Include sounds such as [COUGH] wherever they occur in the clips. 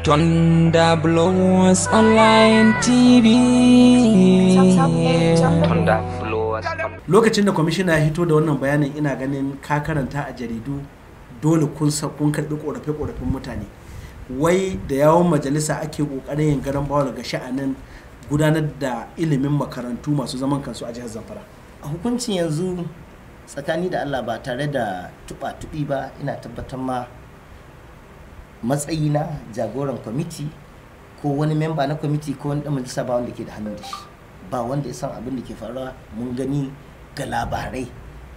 Thunder Online TV. Lokacin da kwamishina ya hito da wannan bayanin ina ganin ka karanta a jaridu dole kun kun karɓi ƙorafe-ƙorafen mutane. Wai da yawon majalisa ake ƙoƙarin yin garan bawa daga sha'anin gudanar da ilimin makarantu masu zaman kansu a jihar Zamfara. A hukuncin yanzu tsakani da Allah ba tare da tuba-tubi ba ina tabbatar ma matsayina jagoran kwamiti ko wani memba na kwamiti ko wani majalisa ba wanda ke da hannun da shi ba wanda ya san abin da ke faruwa mun gani ga labarai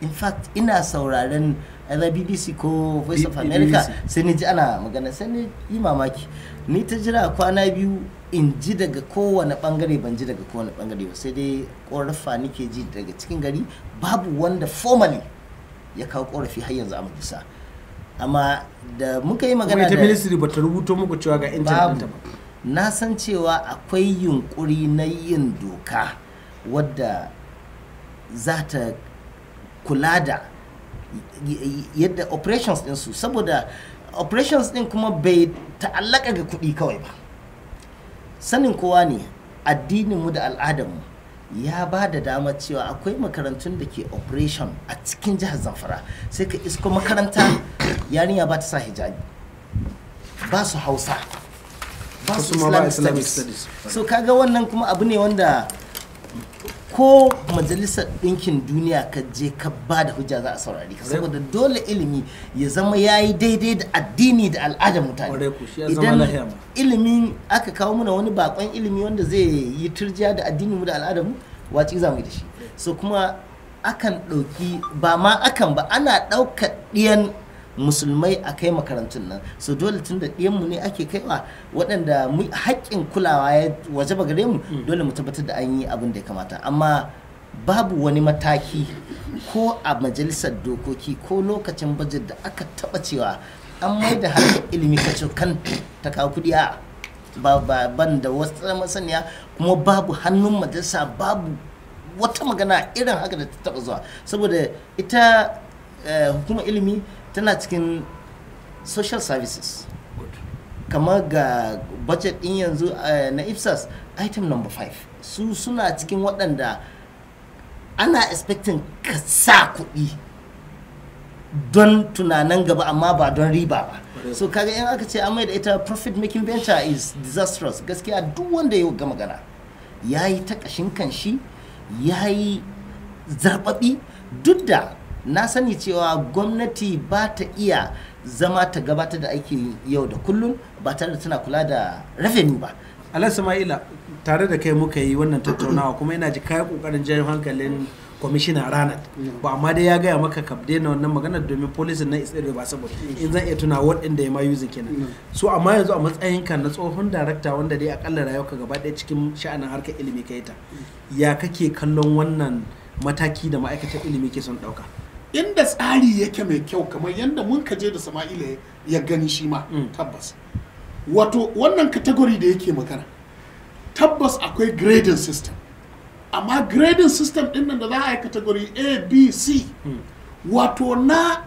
in fact ina sauraren either bbc ko voice of america sai ni ji ana magana sai ni yi mamaki ni ta jira kwana biyu in ji daga kowane bangare ban ji daga kowane bangare ba sai dai korafa nike ji daga cikin gari babu wanda formally ya kawo korafi har yanzu a majalisa amma da muka yi magana da ministry ba ta rubuto muku cewa ga internet ba na san cewa akwai yunkuri na yin doka wadda za ta kula da yadda operations din su saboda operations ɗin kuma bai ta'allaka ga kuɗi kawai ba sanin kowa ne addininmu da al'adarmu ya ba da dama cewa akwai makarantun da ke operation a cikin jihar zamfara sai ka isko makaranta yarinya ba ta sa hijabi ba su hausa ba su islamic studies so kaga wannan kuma abu ne wanda ko majalisar ɗinkin duniya ka je ka ba da hujja za a saurari ka saboda dole ilimi ya zama ya yi daidai da addini da al'adar mutane idan ilimi aka kawo muna wani bakon ilimi wanda zai yi turjiya da addini mu da al'adar mu wace za mu yi da shi so kuma akan ɗauki ba ma akan ba ana ɗaukar ɗiyan musulmai a kai makarantun nan so dole tun da mu ne ake kaiwa waɗanda haƙƙin kulawa ya waje ba gare mu mm. dole mu tabbatar da an yi abin da ya kamata amma babu wani mataki ko a majalisar dokoki ko lokacin bajet da aka taɓa cewa an mai da harkar ilimi kacin kan ta kawo kuɗi a ban da wasu masaniya kuma babu hannun majalisa babu wata magana irin haka da ta taɓa zuwa saboda ita eh, hukumar ilimi tana cikin social services kamar ga budget din yanzu eh, na ipsas item number 5 su suna cikin waɗanda ana expecting ka sa kuɗi don tunanin gaba amma ba don riba ba so kaga in aka ce amai da ita profit making venture is disastrous gaskiya duk wanda ya gama magana ya yi ta ƙashin kanshi ya yi zarbabi duk da na sani cewa gwamnati ba ta iya zama ta gabatar da aiki yau da kullum ba tare da tana kula da revenue ba alhaji ma'ila tare da kai muka yi wannan tattaunawa kuma yana ji kayan kokarin jayo hankalin kwamishina ranar ba amma dai ya gaya maka ka daina wannan maganar domin polisin na ba saboda in zan iya tuna waɗanda ya ma yuzu kenan so amma yanzu a matsayin ka na tsohon darakta wanda dai akalla rayuwarka gaba ɗaya cikin sha'anin harkar ilimi ka ta ya kake kallon wannan mataki da ma'aikatar ilimi ke son ɗauka inda tsari yake mai kyau kamar yadda mun kaje da sama'ila ya gani shi ma mm. tabbas wato wannan kategori da yake magana tabbas akwai grading system amma grading system din da za a yi kategori a b c mm. wato na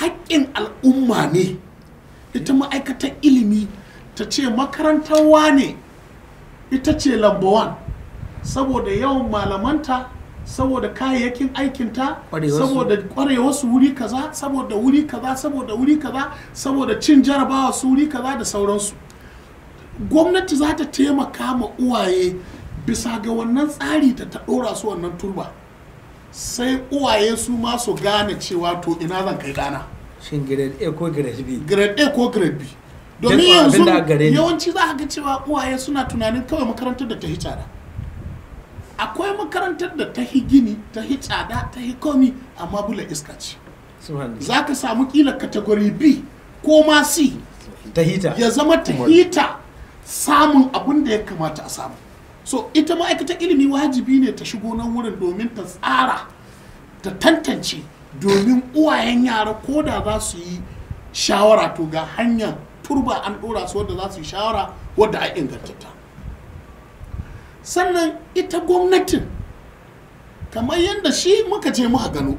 haƙƙin al'umma ne ita ma'aikatar ilimi ta ce makarantar wane ita ce lamba saboda yawan malamanta saboda kayayyakin aikinta saboda kware su wuri kaza saboda wuri kaza saboda wuri kaza saboda cin jarabawa su wuri kaza da sauransu gwamnati za ta taimaka ma uwaye bisa ga wannan tsari da ta ɗora su wannan turba sai uwaye su ma su gane cewa to ina zan kai ɗana shin grade a ko grade b grade a ko grade b domin yanzu yawanci za ka ga cewa uwaye suna tunanin kawai makarantar da ta hitara akwai makarantar da ta gini ta hi tsada ta hi komi amma bula iska ce za ka samu kila kategori b ko ma c ya zama ta hita samun abin da ya kamata a samu so ita ma'aikatar ilimi wajibi ne ta shigo nan wurin domin ta tsara ta tantance domin uwayen yara ko da za su yi shawara to ga hanyar turba an dora su wadda za su yi shawara wadda a ingantata sannan ita gwamnatin kamar yadda shi muka je muka gano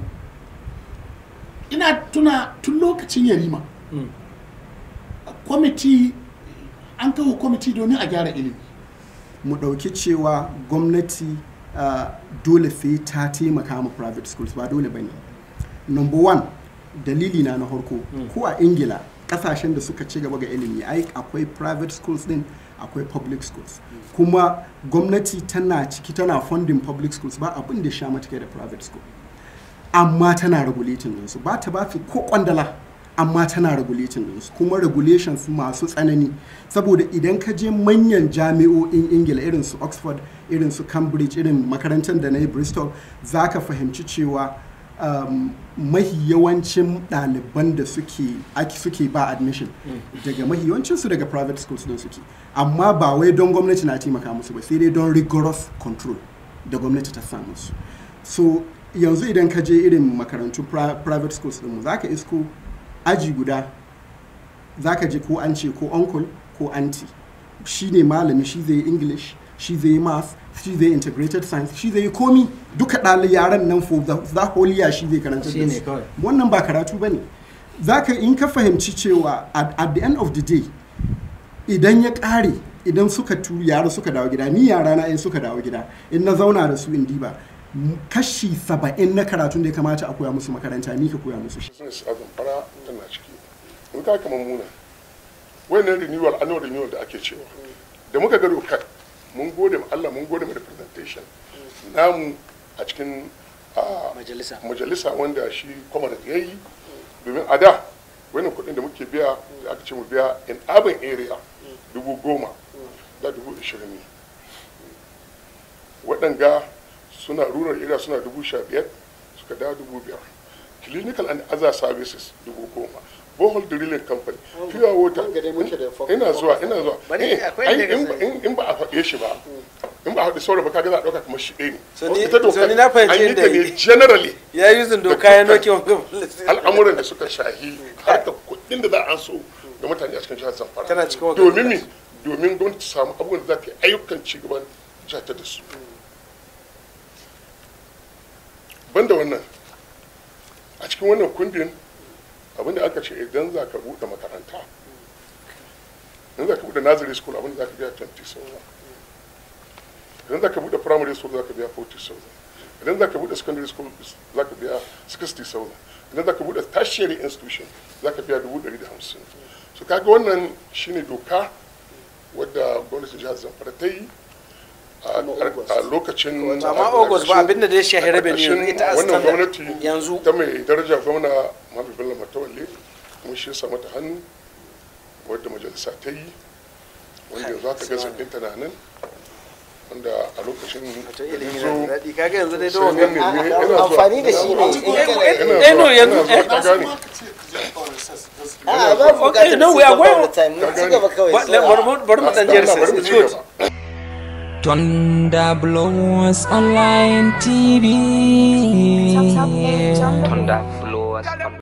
ina tuna tun lokacin yarima hmm. kwamiti an kawo kwamiti domin a gyara ilimi mu ɗauki cewa gwamnati dole sai ta taimaka ma private schools ba dole ba ne number one dalili na na harko hmm. ko a ingila kasashen da suka ci gaba ga ilimi ai akwai private schools din akwai public schools kuma gwamnati tana ciki tana funding public schools ba abin da sha mata da private school amma tana regulating din su ba ta ba su ko kwandala amma tana regulating su kuma regulations masu tsanani saboda idan ka je manyan jami'o'in ingila irin su oxford irin su cambridge irin makarantar da na yi bristol zaka fahimci cewa Um, mahi yawancin ɗaliban da suke aki suke ba admission daga mahi yawancin daga private schools don suke amma ba wai don gwamnati na taimaka musu ba sai dai don rigorous control da gwamnati ta sa musu so yanzu idan ka je irin makarantu private schools ɗinmu za ka isko aji guda za ka je ko an ce ko uncle ko auntie shi ne malami shi zai english shi zai yi math shi zai integrated science shi zai yi komi duka ɗalin yaran nan for the whole year shi zai karanta da wannan ba karatu ba ne za ka in ka fahimci cewa at the end of the day idan ya ƙare idan suka tu yara suka dawo gida ni yara na in suka dawo gida in na zauna da su in diba kashi saba'in na karatun da ya kamata a koya musu makaranta ni ka koya musu shi. in ka kama muna wayannan renewal annual renewal da ake cewa da muka gado kai. mun gode ma Allah mun gode ma representation namu a cikin majalisa wanda shi kwamar ya yi domin a da wani kudin da muke biya da aka ce mu biya in urban area dubu goma da dubu ashirin ne waɗanga suna rural area suna dubu sha biyar suka da dubu biyar clinical and other services dubu goma bohol drilling company pure water ina zuwa ina zuwa eh, in ba a faɗe shi ba in ba a faɗi sauran ba kaga za a ɗauka kamar shi ne so ni na fahimci yadda ne generally ya yi zin doka ya noke al'amuran da suka shahi [LAUGHS] harkar kuɗin da za a so ga mutane a cikin jihar zamfara tana cikin domin mi domin gwamnati samu abubuwan da za ta yi ayyukan ci gaban jihar da su banda wannan a cikin wannan kundin abinda aka ce idan za ka buɗe makaranta idan za ka buɗe nazari school abinda za ka biya 20,000 idan za ka buɗe primary school za ka biya 40,000 idan za ka buɗe secondary school za ka biya 60,000 idan za ka buɗe tertiary institution za ka biya 150,000 so kaga wannan shine doka wadda gwamnatin jihar zamfara ta yi a lokacin amma august ba abinda da ya shahi rabin yanzu ita a wannan gwamnati yanzu ta mai daraja gwamna matawalle mun shi sa mata hannu wadda majalisa ta yi wanda wanda a lokacin yanzu kaga yanzu dai dawo ne amfani da shi ne eh, eh, eh, yanzu a ah, ba mu ga no we are Thunder Blowers Online TV. Thunder